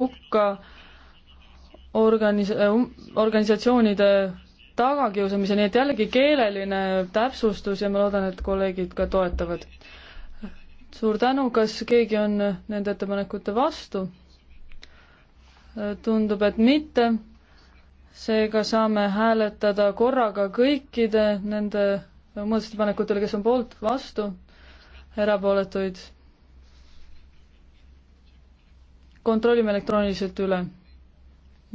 hukka organis-, äh, um-, organisatsioonide tagakiusamise, nii et jällegi keeleline täpsustus ja ma loodan, et kolleegid ka toetavad. suur tänu, kas keegi on nende ettepanekute vastu? Äh, tundub, et mitte. seega saame hääletada korraga kõikide nende muudatusettepanekutele, kes on poolt, vastu, erapooletuid kontrollime elektrooniliselt üle.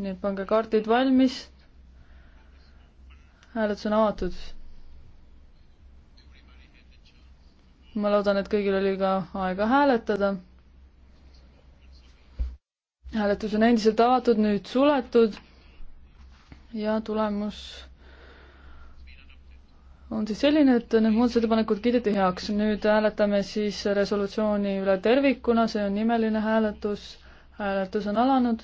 nii et pange kaardid valmis. hääletus on avatud. ma loodan, et kõigil oli ka aega hääletada. hääletus on endiselt avatud, nüüd suletud. ja tulemus on siis selline, et need muudatusettepanekud kiideti heaks. nüüd hääletame siis resolutsiooni üle tervikuna, see on nimeline hääletus hääletus on alanud.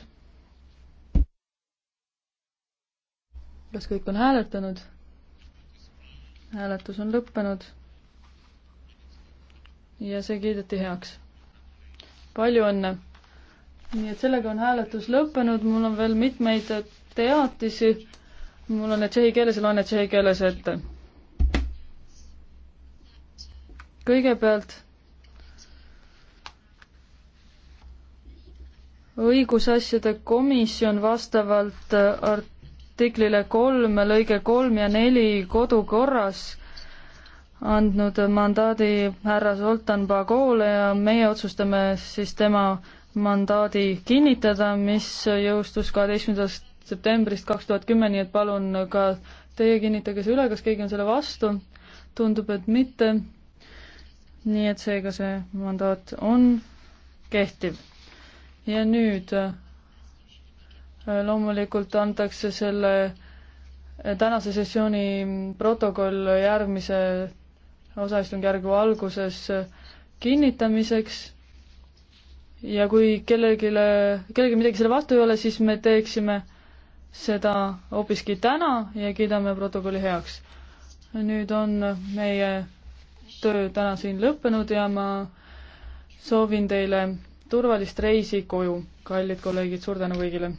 kas kõik on hääletanud? hääletus on lõppenud. ja see kiideti heaks. palju õnne! nii et sellega on hääletus lõppenud, mul on veel mitmeid teatisi. mul on need tšehhi keeles ja loen need tšehhi keeles ette. kõigepealt õigusasjade komisjon vastavalt äh, artiklile kolm, lõige kolm ja neli kodukorras andnud mandaadi härra Zoltan Bagole ja meie otsustame siis tema mandaadi kinnitada, mis jõustus kaheteistkümnendast septembrist kaks tuhat kümme, nii et palun ka teie kinnitage see üle, kas keegi on selle vastu. tundub, et mitte. nii et seega see mandaat on kehtiv ja nüüd äh, loomulikult antakse selle äh, tänase sessiooni protokoll järgmise osaistungjärgu alguses äh, kinnitamiseks ja kui kellelgi, kellelgi midagi selle vastu ei ole, siis me teeksime seda hoopiski täna ja kiidame protokolli heaks. nüüd on meie töö täna siin lõppenud ja ma soovin teile turvalist reisi koju, kallid kolleegid, suur tänu kõigile!